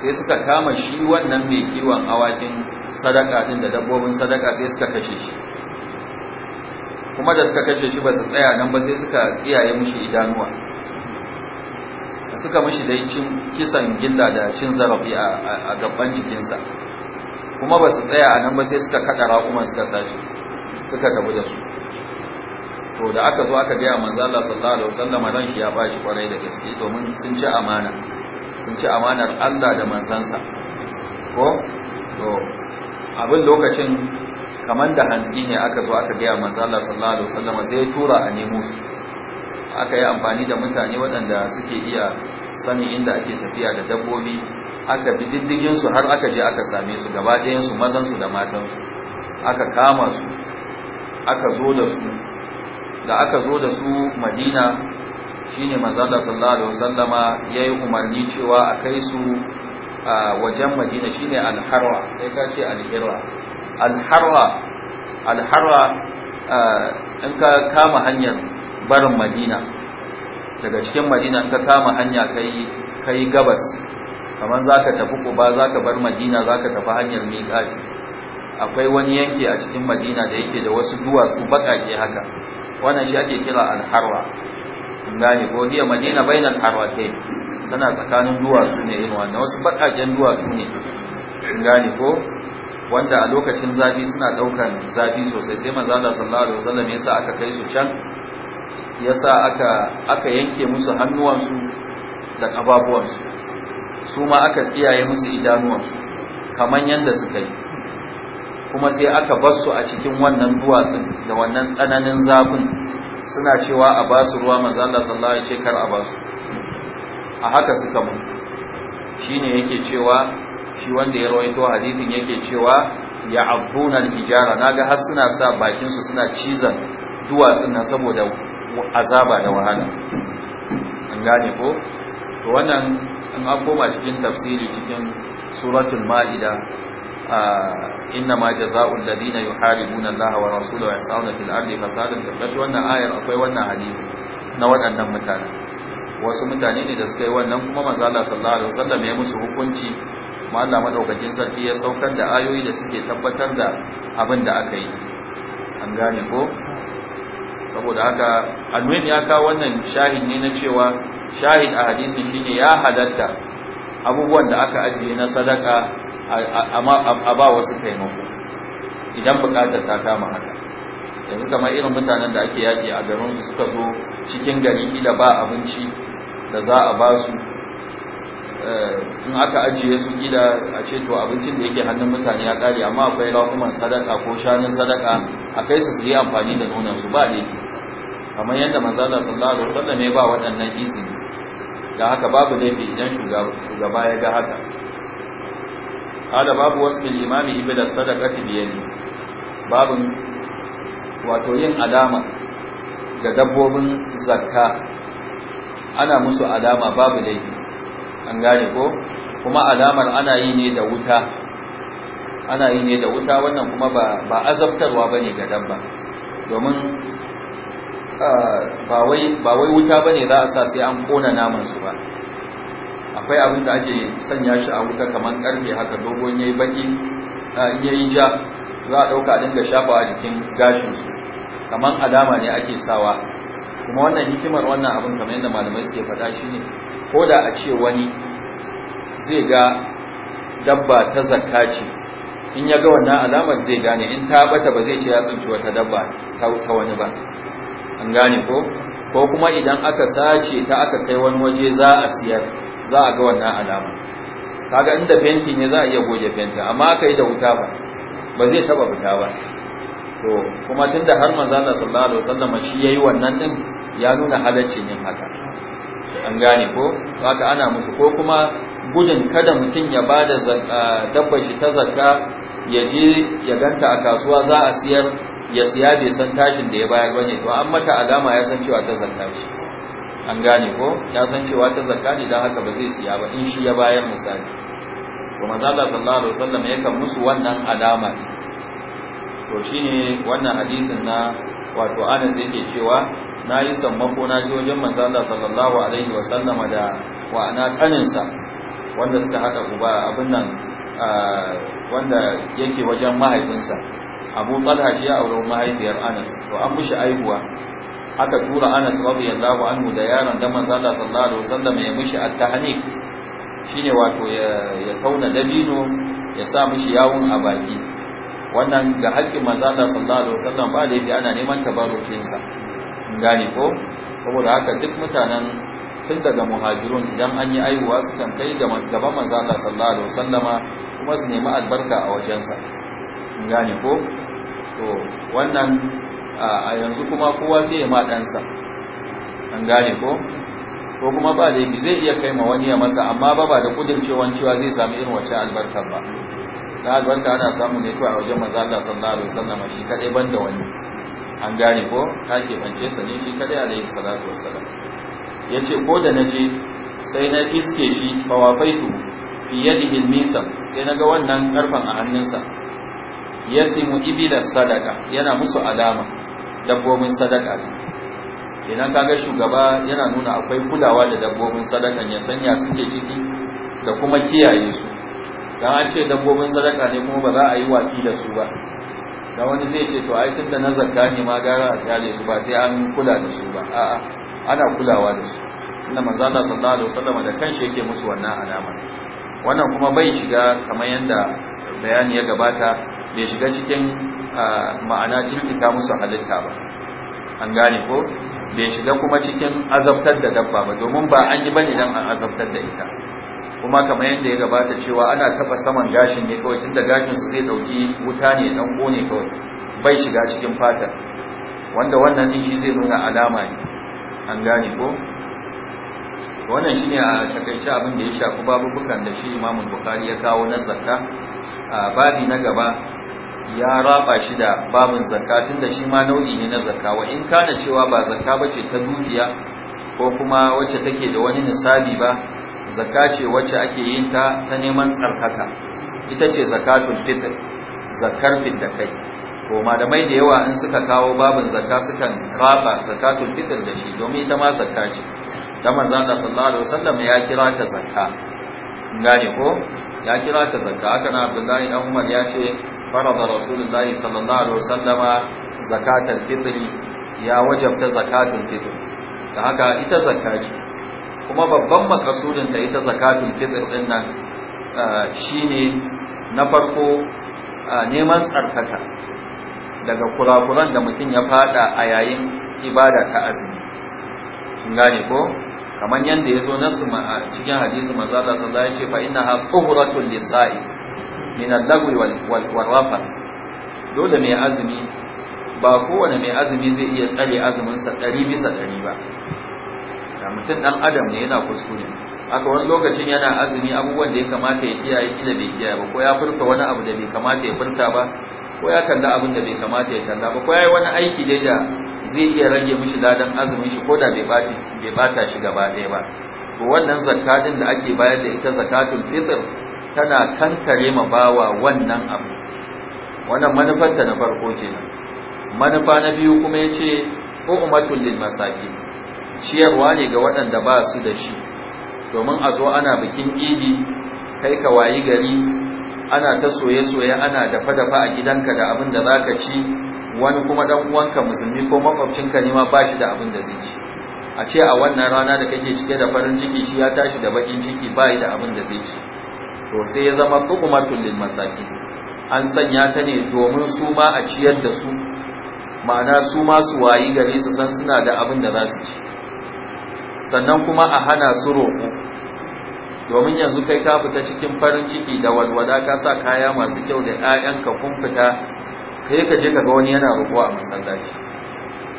A: sai suka kama shi wannan mai kiwon awakin sadaka din da dabbobin sadaka sai suka kashe shi kuma da suka kashe shi ba su tsaya nan ba sai suka tsiyaye mushi idanuwa suka mushi dai cin kisan gilla da cin zarafi a gaban jikinsa kuma ba su tsaya a nan ba sai suka kada raƙuman suka sashi suka tafi da su to da aka zo aka gaya manzo Allah sallallahu alaihi wasallam ran shi ya bashi kwarai da gaske domin sun ci amana sun ci amanar Allah da manzansa ko to abin lokacin kamar da hantsi ne aka zo aka gaya manzo Allah sallallahu alaihi wasallam sai tura a nemo su aka yi amfani da mutane waɗanda suke iya sani inda ake tafiya da dabbobi aka bi diddigin su har aka je aka same su gaba ɗayan su mazan su da matan su aka kama su aka zo da su da aka zo da su Madina shine manzo Allah sallallahu alaihi wasallama yayi umarni cewa a kai su wajen Madina shine al-Harra sai ka ce al-Hirra al-Harra al-Harra in ka kama hanyar barin Madina daga cikin Madina in ka kama hanya kai kai gabas kamar zaka tafi Kuba zaka bar Madina zaka tafi hanyar Miqat akwai wani yanki a cikin Madina da yake da wasu duwatsu bakake haka wannan shi ake kira al-Harra gane ko hiya madina bainal harwatai tana tsakanin duwatsu ne irin wannan wasu baƙaƙen duwatsu ne gane ko wanda a lokacin zafi suna daukan zafi sosai sai manzo Allah sallallahu alaihi wasallam yasa aka kai su can yasa aka aka yanke musu hannuwansu da kababuwansu su ma aka tsiyaye musu idanuwansu kaman yanda suka yi kuma sai aka bar su a cikin wannan duwatsun da wannan tsananin zafin suna cewa a basu ruwa manzo Allah sallallahu alaihi ya ce kar a ba a haka suka mutu shine yake cewa shi wanda ya rawaito hadithin yake cewa ya abuna al-hijara naga har suna sa bakin su suna cizan duwatsun na saboda azaba da wahala an gane ko to wannan in an koma cikin tafsiri cikin suratul ma'ida inna ma jazaa'ul ladina yuharibuna Allah wa rasulahu wa yas'una fil ardi fasadan kashi wannan ayar akwai wannan hadisi na waɗannan mutane wasu mutane ne da suka yi wannan kuma manzo Allah sallallahu alaihi wasallam ya musu hukunci kuma Allah madaukakin sarki ya saukar da ayoyi da suke tabbatar da abin da aka yi an gane ko saboda haka almuhim ya kawo wannan shahid ne na cewa shahid a hadisin shine ya halatta abubuwan da aka ajiye na sadaka a ba wasu taimako idan bukatar ta kama haka yanzu kamar irin mutanen da ake yaƙi a garinsu suka zo cikin gari ila ba abinci da za a ba su eh, in aka ajiye su gida a ce abincin da yake hannun mutane ya ƙari, amma akwai rakuman sadaka ko shanun sadaka a kai su su yi amfani da nunansu, su ba ne kamar yadda manzala sun alaihi sannan ne ba waɗannan izini da haka babu laifi idan shugaba ya ga haka qala babu wasfil imami ibda sadaqati bi yadi babun wato yin alama ga dabbobin zakka ana musu alama babu laifi an gane ko kuma alamar ana yi ne da wuta ana yi ne da wuta wannan kuma ba ba azabtarwa bane ga dabba domin ah, ba wai wuta ba ne za a sa sai an kona namansu ba akwai abin da ake sanya shi a wuta kamar karfe haka dogon yayi baki yayi ja za a dauka dinga shafa a jikin gashin su kamar alama ne ake sawa kuma wannan hikimar wannan abin kamar yadda malamai suke faɗa ne, ko da a ce wani zai ga dabba ta zakka ce in ya ga wannan alamar zai gane in ta bata ba zai ce ya tsinci wata dabba ta wani ba an gane ko ko kuma idan aka sace ta aka kai wani waje za a siyar za a ga wannan alama kaga inda fenti ne za a iya goge fenti amma aka yi da wuta ba ba zai taba fita ba to kuma tunda har manzo Allah sallallahu alaihi wasallam shi yayi wannan din ya nuna halaccin yin haka an gane ko haka ana musu ko kuma gudun kada mutum ya bada dabbar shi ta zakka ya je ya ganta a kasuwa za a siyar ya siya bai san tashin da ya bayar bane to an mata alama ya san cewa ta zakka ce an gane ko ya san cewa ta zakka ne dan haka ba zai siya ba in shi ya bayar misali to manzo Allah sallallahu alaihi wasallam kan musu wannan alama to shine wannan hadisin na wato sai yake cewa nayi sammako na ji wajen manzo Allah sallallahu alaihi wasallama da wa ana kaninsa wanda suka haka uba abin nan ah, wanda yake wajen mahaifinsa abu talha ji ya aure mahaifiyar anas to an mishi aihuwa aka tura anas radiyallahu anhu da yaron da manzo Allah sallallahu alaihi wasallam ya mishi at-tahnik shine wato ya kauna dabino ya sa mishi yawun a baki wannan ga haƙƙin manzo Allah sallallahu alaihi wasallam ba da yake ana neman tabarucin sa gane ko saboda haka duk mutanen tun daga muhajirun idan an yi aihuwa su kan kai gaban manzo Allah sallallahu alaihi wasallama kuma su nemi albarka a wajensa gane ko to wannan a yanzu kuma kowa sai ya ma an gane ko ko kuma ba laifi zai iya kai ma wani ya masa amma ba ba da kudircewan cewa zai sami irin wacce albarkar ba na albarka ana samu ne kawai a wajen maza Allah sallallahu alaihi wasallam shi kadai banda wani an gane ko ta ke bance sa ne shi kadai alaihi salatu wassalam yace ko da naje sai na iske shi fawafaitu fi yadihi al-misam sai naga wannan karfan a hannunsa yasimu ibilas sadaka yana musu alama dabbobin sadaka idan kaga shugaba yana nuna akwai kulawa da dabbobin sadakan ya sanya suke ciki da kuma kiyaye su dan an ce dabbobin sadaka ne kuma ba za a yi watsi da su ba da wani zai ce to ai tunda na zakka ne ma gara a kyale su ba sai an kula da su ba a'a ana kulawa da su inda manzo Allah sallallahu alaihi wasallam da kanshi yake musu wannan alama wannan kuma bai shiga kamar yanda bayani ya gabata bai shiga cikin ma'ana jirkita musu halitta ba an gane ko bai shiga kuma cikin azabtar da dabba ba domin ba an yi bane dan an azabtar da ita kuma kamar yadda ya gabata cewa ana taba saman gashin ne kawai tunda gashin su zai dauki wuta ne dan kone kawai bai shiga cikin fata wanda wannan din zai nuna alama ne an gane ko wannan shine a takaice abin da ya shafi babubukan da shi Imam Bukhari ya kawo na zakka a babi na gaba ya raba shi da babin zakka tun da shi ma nau'i ne na zakka wa in kana cewa ba zakka bace ta dukiya ko kuma wacce take da wani nisabi ba zakka ce wacce ake yin ta ta neman tsarkaka ita ce zakatul fitr zakkar da kai ko malamai da yawa in suka kawo babin zakka sukan raba zakatun fitr da shi domin ita ma zakka ce da manzon Allah sallallahu alaihi wasallam ya kira ta zakka gane ko ya kira ka zakka haka na abdullahi dan umar ya ce da rasulullahi sallallahu alaihi wasallama zakatul fitri ya wajabta zakatul fitri da haka ita zakka ce kuma babban makasudin da ita zakatul fitri din nan shine na farko neman tsarkaka daga kurakuran da mutum ya fada a yayin ibada ta azumi kun gane ko kamar yanda yazo nasu cikin hadisi manzo Allah sallallahu alaihi ya ce fa innaha tuhuratul lisa'i min al-lagwi dole mai azumi ba kowane mai azumi zai iya tsare azumin ɗari bisa ɗari ba da mutum dan adam ne yana kuskure aka wani lokacin yana azumi abubuwan da ya kamata ya kiyaye ila bai kiyaye ba ko ya furta wani abu da bai kamata ya furta ba ko ya kalla abin da bai kamata ya kalla ba ko ya yi wani aiki dai da zai iya rage mishi ladan azumin shi ko da bai bata shi gaba ɗaya ba to wannan zakka din da ake bayar da ita zakatul fitr tana kankare ma bawa wannan abu wannan manufar ta na farko ce manufa na biyu kuma yace ummatul lil masakin ciyarwa ne ga waɗanda ba su da shi domin a zo ana bikin idi kai ka wayi gari ana ta soye-soye ana dafa-dafa a gidanka da abin da zaka ci wani kuma ɗan uwanka musulmi ko makwabcinka ne ma bashi da abin da zai ci a ce a wannan rana da kake cike da farin ciki shi ya tashi da bakin ciki bai da abin da zai ci to sai ya zama tuqmatul lil masakin an sanya ta ne domin su ma a ciyar da su ma'ana su ma su wayi gare su san suna da abin da za su ci sannan kuma a hana su roƙo domin yanzu kai ka fita cikin farin ciki da walwala ka sa kaya masu kyau da 'ya'yanka kun fita kai ka je ka ga wani yana roƙo a masallaci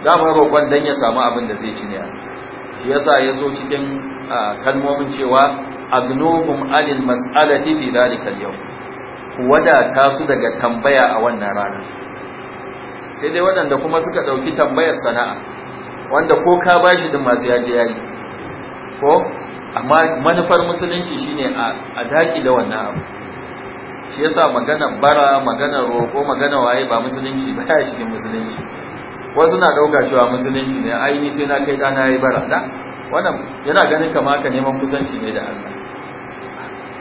A: dama roƙon dan ya samu abin da zai ci ne shi yasa ya zo cikin kalmomin cewa agnuhum alil mas'alati fi dalika al-yawm wadata su daga tambaya a wannan rana sai dai waɗanda kuma suka ɗauki tambayar sana'a wanda ko ka bashi din masu yaje yayi ko amma manufar musulunci shine a daki da wannan abu shi yasa magana bara magana roko magana waye ba musulunci ba ya cikin musulunci wasu na ɗauka cewa musulunci ne aini sai na kai ɗana na yi bara da wannan yana ganin kamar ka neman kusanci ne da Allah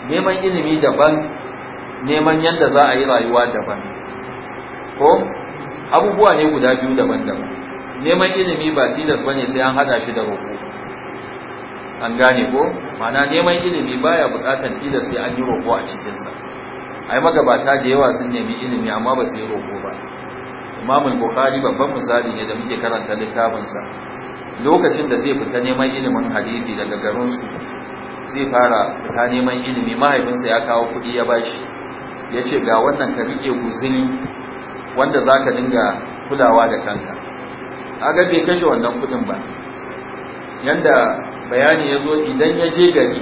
A: neman ilimi daban neman yadda za a yi rayuwa daban ko abubuwa ne guda biyu daban-daban neman ilimi ba tilas bane sai an hada shi da roko an gane ko mana neman ilimi baya bukatar tilas sai an yi roƙo a cikinsa ai magabata da yawa sun nemi ilimi amma ba su yi roƙo ba imamul bukhari babban misali ne da muke karanta littafinsa lokacin da zai fita neman ilimin hadisi daga garinsu zai fara fita neman ilimi mahaifinsa ya kawo kuɗi ya bashi ya ce ga wannan ka riƙe guzini wanda za ka dinga kulawa da kanka aga bai kashe wannan kuɗin ba yanda bayani ya zo idan ya je gari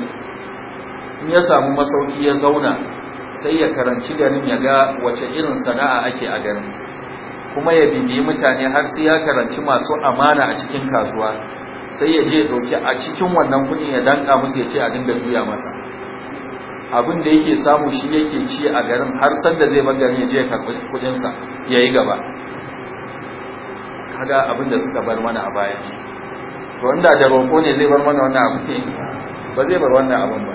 A: in ya samu masauki ya zauna sai ya karanci garin ya ga wace irin sana'a ake a garin kuma ya bibiyi mutane har sai ya karanci masu amana a cikin kasuwa sai ya je ɗauki a cikin wannan kuɗin ya danka musu ya ce a dinga juya masa abin da yake samu shi yake ci a garin har sanda zai bar ya je karɓi kuɗinsa ya yi gaba kaga abin da suka bar mana a bayan to inda da roƙo ne zai bar mana wannan abu ba zai bar wannan abun ba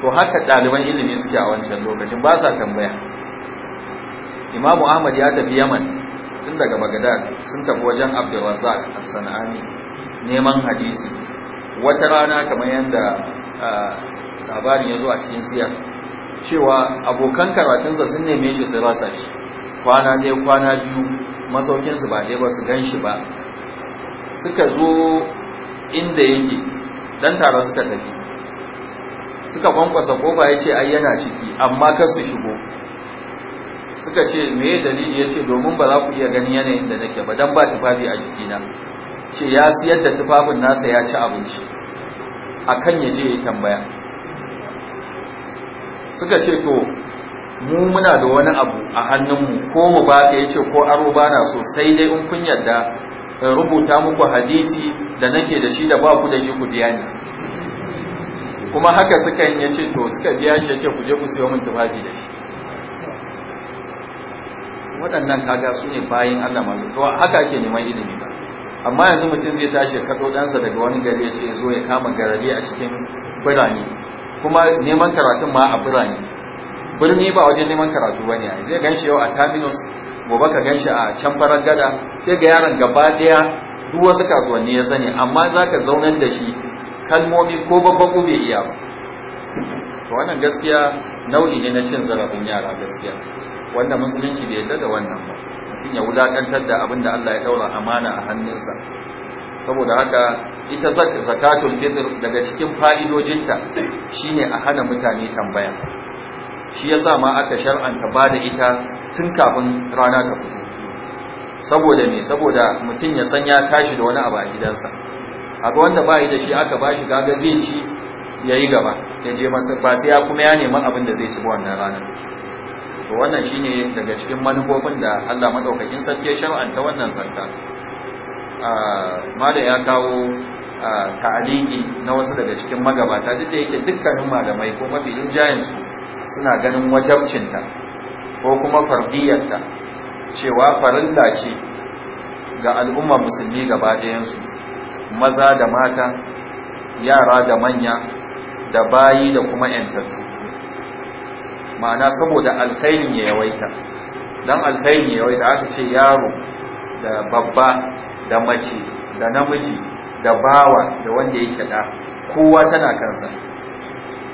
A: to haka ɗaliban ilimi suke a wancan lokacin ba sa tambaya imamu ahmad ya tafi yaman tun daga bagdad sun tafi wajen abdulrazak a sanaani neman hadisi wata rana kamar yadda labarin ya zo a cikin siyar cewa abokan karatunsa sun neme shi sai rasa shi kwana ɗaya kwana biyu masaukinsu ba ɗaya ba su gan shi ba suka zo inda yake dan tare suka tafi suka kwankwasa kofa ya ce ai yana ciki amma kar su shigo suka ce me dalili ya ce domin ba za ku iya gani yanayin da nake ba dan ba tufafi a jikina ce ya siyar da tufafin nasa ya ci abinci akan ya je ya tambaya suka ce to mu muna da wani abu a hannunmu ko mu ba ka yace ko aro bana sosai dai in kun yarda rubuta muku hadisi da nake da shi da ba ku da shi ku biya ni kuma haka suka yi yace to suka biya shi yace ku je ku siyo min tufafi da shi waɗannan kaga su ne bayin Allah masu to haka ake neman ilimi ba amma yanzu mutum zai tashi kado ɗansa daga wani gari ya ce zo ya kama garari a cikin birane kuma neman karatun ma a birane birni ba wajen neman karatu ba ne zai gan shi yau a terminus gobe ka gan shi a can farar gada sai ga yaron gaba daya duk wasu kasuwanni ya sani amma za ka zaunar da shi kalmomi ko ko bai iya ba to wannan gaskiya nau'i ne na cin zarafin yara gaskiya wanda musulunci bai yarda da wannan ba mutum ya wulakantar da abin da Allah ya daura amana a hannunsa saboda haka ita zakatul fitr daga cikin fa'idojinta shine a hana mutane tambaya shi ya sa ma aka shar'anta ba da ita tun kafin rana ta fito saboda me saboda mutum ya sanya ya tashi da wani abu a gidansa abu wanda ba da shi aka ba shi kaga zai ci ya yi gaba ya je masu ba sai ya kuma ya neman abin da zai ci ba wannan rana. to wannan shi ne daga cikin manufofin da Allah madaukakin sarki ya shar'anta wannan sarka mala ya kawo ta'aliki na wasu daga cikin magabata duk da yake dukkanin malamai ko mafi rinjayen su suna ganin wajabcinta ko kuma fardiyarta cewa farilla ce ga al'ummar musulmi gaba ɗayansu maza da mata yara da manya da bayi da kuma ‘yantattu ma'ana saboda alkhairin ya yawaita don alkhairin ya yawaita aka ce yaro da babba da mace da namiji da bawa da wanda yake da kowa tana kansa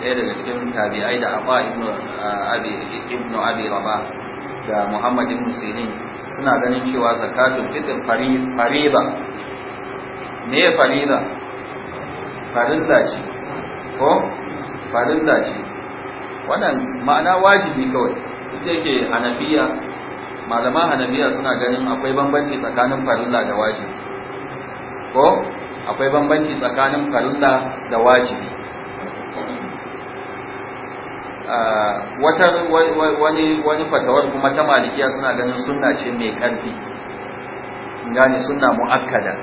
A: ɗaya daga cikin tabi'ai da afa uh, ibn abi rabah da muhammad ibn sirin suna ganin cewa zakatul fitr fariba ne ya farida farilla ce ko farin ce wannan ma'ana wajibi kawai duk yake hanabiya malaman Hanabiya suna ganin akwai bambanci tsakanin farilla da wajibi ko akwai bambanci tsakanin farilla da wajibi wata wani wani fatawar kuma ta malikiya suna ganin sunna ce mai karfi gani sunna muakkada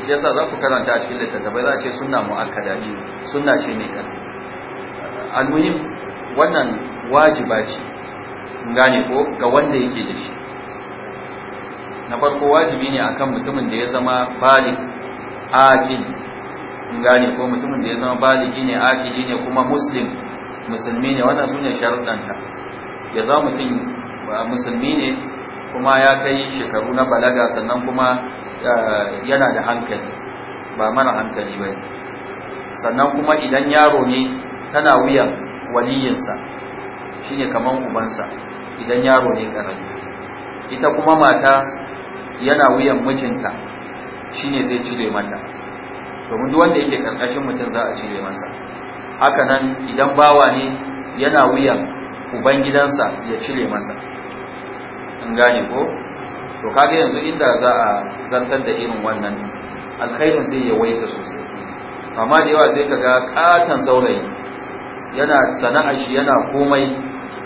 A: shi yasa za ku karanta a cikin littattafai za a ce sunna muakkada ce sunna ce mai karfi almuhim wannan wajiba ce gani ko ga wanda yake da shi na farko wajibi ne akan mutumin da ya zama balik aqil gani ko mutumin da ya zama baliki ne aqili ne kuma muslim musulmi ne wannan sune sharuɗanta ya zama mutum musulmi ne kuma ya kai shekaru na balaga sannan kuma eh, yana da hankali ba mara hankali ba sannan kuma idan yaro ne tana wuyan waliyinsa shine kaman ubansa idan yaro ne karami ita kuma mata yana wuyan mijinta shine zai cire mata domin duwanda wanda yake karkashin mutum za a cire masa haka nan idan bawa ne yana wuyan gidansa ya cire masa an gane ko to kaga yanzu inda za a zantar da irin wannan alkhairin zai yawaita sosai amma da yawa zai kaga katan saurayi yana sana'ar shi yana komai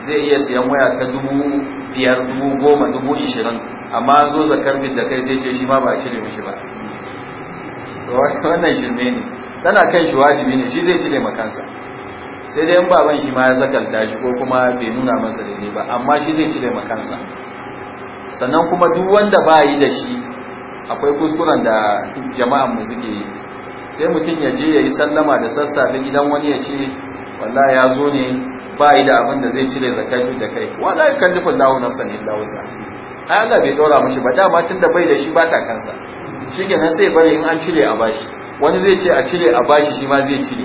A: zai iya siyan waya ta dubu biyar dubu goma dubu ishirin amma zo zakar da kai zai ce shi ma ba a cire mishi ba wannan shirme ne tana kan shi wajibi ne shi zai cire makansa sai dai in baban shi ma ya zakalta shi ko kuma bai nuna masa daidai ba amma shi zai cire kansa. sannan kuma duk wanda ba yi da shi akwai kuskuren da jama'an mu suke yi sai mutum ya je ya yi sallama da sassafe gidan wani ya ce walla ya zo ne ba yi da abin da zai cire zakatu da kai ya kan dukkan lahu nafsan illa wasa ai Allah bai dora mishi ba dama da bai da shi ba ta kansa kenan sai bari in an cire a bashi wani zai ce a cire a bashi shi ma zai cire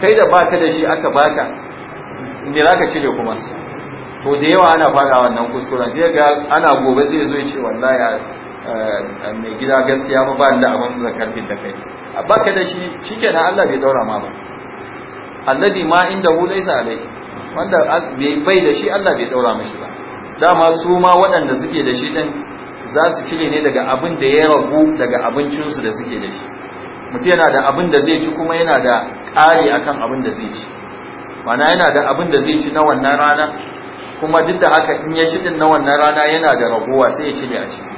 A: kai da baka da shi aka baka ne za ka cire kuma to da yawa ana fara wannan kuskuren zai ga ana gobe zai zo ya ce wallahi eh, eh, mai gida gaskiya ba ba da abin zakar da kai a baka da shi shikenan Allah bai daura ma ba alladi ma hu laysa alayhi wanda bai da shi Allah bai daura mishi ba dama su ma waɗanda suke da shi din za su cire ne daga abin da ya ragu daga abincinsu da suke da shi mutum yana da abin da zai ci kuma yana da ƙari akan abin da zai ci mana yana da abin da zai ci na wannan rana kuma duk da haka in ya ci din na wannan rana yana da ragowa sai ya ci ne a ciki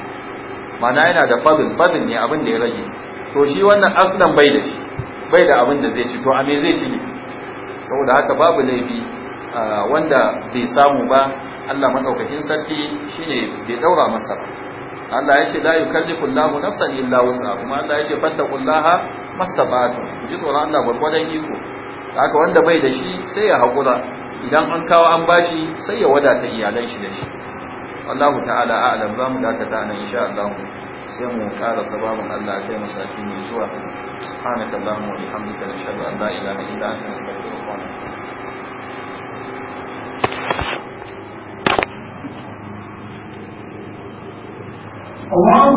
A: mana yana da fadil fadil ne abin da ya rage to shi wannan aslan bai da shi bai da abin da zai ci to a me zai ci ne saboda haka babu laifi wanda bai samu ba Allah madaukakin sarki shine bai daura masa Allah ya ce la yukallifu Allahu nafsan illa wusa kuma Allah ya ce fattaqullaha masabatu ku ji tsoron Allah gwargwadon iko haka wanda bai da shi sai ya hakura idan an kawo an bashi sai ya wadata iyalan shi da shi wallahu ta'ala a'lam zamu dakata nan insha Allah sai mu ƙara sababin Allah kai musafi ne zuwa subhanaka allahumma wa bihamdika ashhadu an la ilaha illa anta astaghfiruka
B: wa atubu الله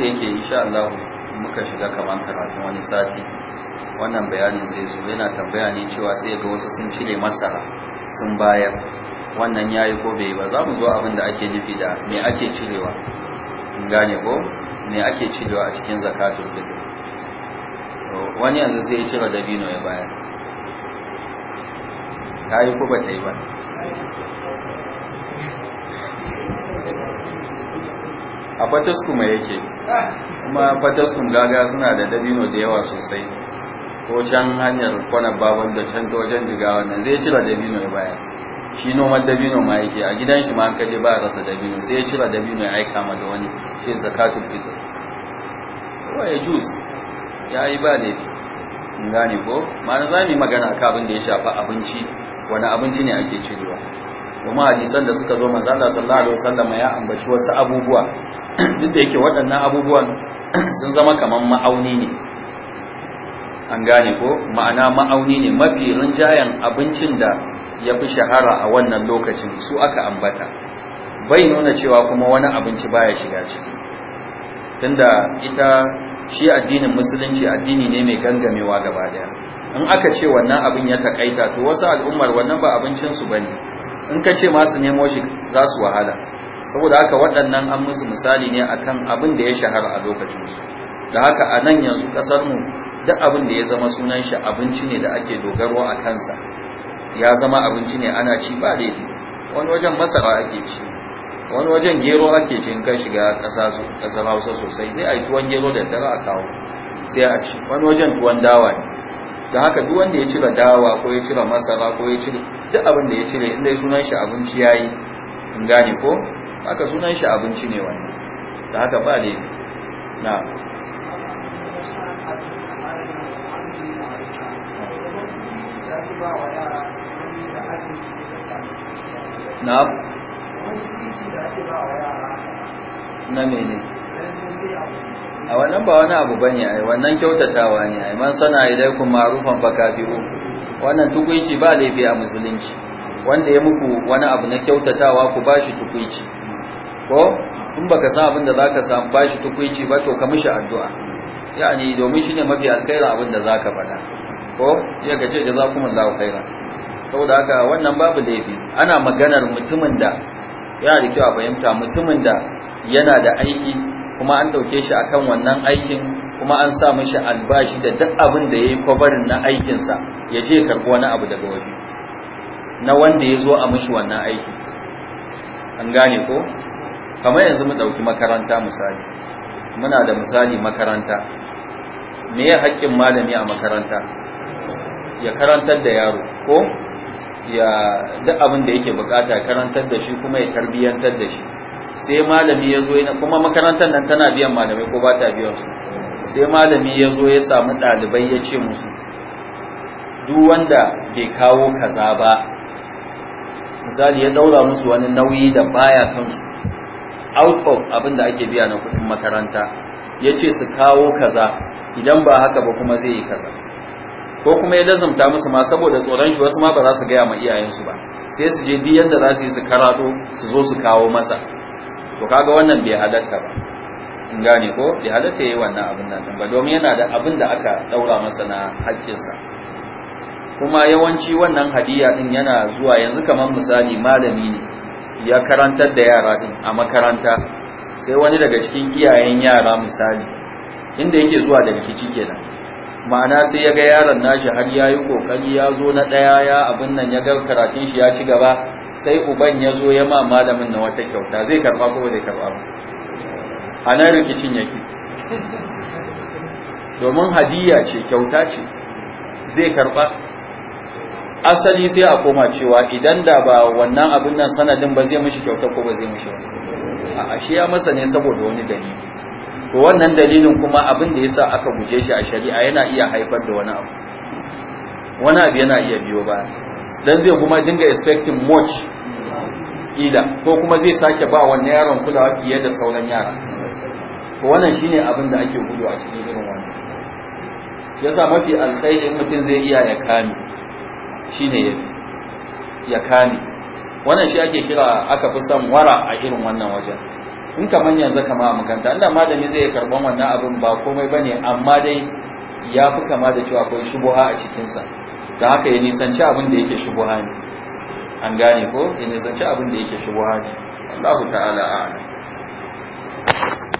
A: da yake insha Allah muka shiga kaman karatun wani sati wannan bayanin zai zo yana tambaya ne cewa sai ga wasu sun cire masara sun bayar wannan yayi ko bai ba za mu zo abin da ake nufi da me ake cirewa gane ko ne ake cirewa a cikin zakatul fitr wani yanzu sai ya cire dabino ya bayar ta yi ko ba ta yi ba a fataskum mai yake kuma fataskum gaga suna da dabino da yawa sosai ko can hanyar kwanar babban da can ta wajen jigawa nan zai cire dabino ya bayar shi noman dabino ma yake a gidan shi ma an kaje ba rasa dabino sai ya cira dabino ya aika ma da wani sai zakatul fitr wa ya jus ya yi ba ne in gane ko ma'ana za mu magana ka abin da ya shafa abinci wani abinci ne ake cirewa Kuma hadisan da suka zo manzo Allah sallallahu alaihi wasallam ya ambaci wasu abubuwa duk da yake waɗannan abubuwan sun zama kaman ma'auni ne an gane ko ma'ana ma'auni ne mafi rinjayen abincin da ya fi shahara a wannan lokacin su aka ambata bai nuna cewa kuma wani abinci baya shiga ciki tunda ita shi addinin musulunci addini ne mai gangamewa gaba daya in aka ce wannan abin ya takaita to wasu al'ummar wannan ba abincinsu ba ne in ka ce masu nemo shi za su wahala saboda haka waɗannan an musu misali ne akan abin da ya shahara a lokacinsu da haka a nan yanzu ƙasar mu duk abin da ya zama sunan shi abinci ne da ake dogaro a kansa ya zama abinci ne ana ci ba laifi wani wajen masara ake ci wani wajen gero ake ci in ka shiga ƙasar hausa sosai zai a yi gero da dare a kawo sai a ci wani wajen tuwon dawa ne da haka duk wanda ya cire dawa ko ya cire masara ko ya cire duk abin da ya cire inda sunan shi abinci ya yi in gane ko haka sunan shi abinci ne Wani da haka ba ne na ba wa yara na na mene a wannan ba wani abu bane ai wannan kyautatawa ne ai man sana ilaikum ma'rufan fakafiru wannan tukuici ba laifi a musulunci wanda ya muku wani abu na kyautatawa ku bashi tukuici ko in baka san abin da zaka samu bashi tukuici ba to ka mishi addu'a yani domin shine mafi alkhairi abin da zaka faɗa ko ya gace jazakumullahu khairan saboda haka wannan babu laifi ana maganar mutumin da yana da kyau a fahimta mutumin da yana da aiki kuma an ɗauke shi akan wannan aikin kuma an sa mishi albashi da duk abin da ya yi kwabarin na aikinsa ya je karɓi wani abu daga waje na wanda ya zo a mishi wannan aiki an gane ko kamar yanzu mu ɗauki makaranta misali muna da misali makaranta me ya haƙƙin malami a makaranta ya karantar da yaro ko ya duk abin da yake bukata karantar da shi kuma ya tarbiyantar da shi sai malami ya zo kuma makarantar nan tana biyan malamai ko ba ta biyan su sai malami ya zo ya samu ɗalibai ya ce musu duk wanda bai kawo kaza ba misali ya ɗaura musu wani nauyi da baya kansu out of abin da ake biya na kuɗin makaranta ya ce su kawo kaza idan ba haka ba kuma zai yi kaza ko kuma ya lazumta musu ma saboda tsoron shi wasu ma ba za su gaya ma iyayensu ba sai su je duk yadda za su yi su karatu su zo su kawo masa to kaga wannan bai halatta ba in gane ko bai halatta yayi wannan abin nan ba domin yana da abin da aka ɗaura masa na haƙƙinsa kuma yawanci wannan hadiya din yana zuwa yanzu kamar misali malami ne ya karantar da yara din a makaranta sai wani daga cikin iyayen yara misali inda yake zuwa da rikici kenan ma'ana sai ya ga yaron nashi har ya yi kokari ya zo na ɗaya ya abin nan ya ga karatun shi ya ci gaba sai uban ya zo ya ma malamin na wata kyauta zai karɓa ko bai karɓa ba a nan rikicin yake domin hadiya ce kyauta ce zai karɓa asali sai a koma cewa idan da ba wannan abin nan sanadin ba zai mishi kyauta ko ba zai mishi a shi ya masa ne saboda wani dalili to wannan dalilin kuma abin da yasa aka guje shi a shari'a yana iya haifar da wani abu wani abu yana iya biyo ba dan zai kuma dinga expecting much ila ko kuma zai sake ba wannan yaron kulawa fiye da sauran yara to wannan shine abin da ake gudu a cikin irin wannan yasa mafi alkhairi mutum zai iya ya kame shine ya kame wannan shi ake kira aka fi son wara a irin wannan wajen in kamar yanzu kama a makanta inda malami zai karban wannan abin ba komai ba ne amma dai ya fi kama da cewa akwai shubuha a cikinsa da haka ya nisanci abin da yake shubuha ne an gane ko ya nisanci abin da yake shubuha ne Allah ta'ala a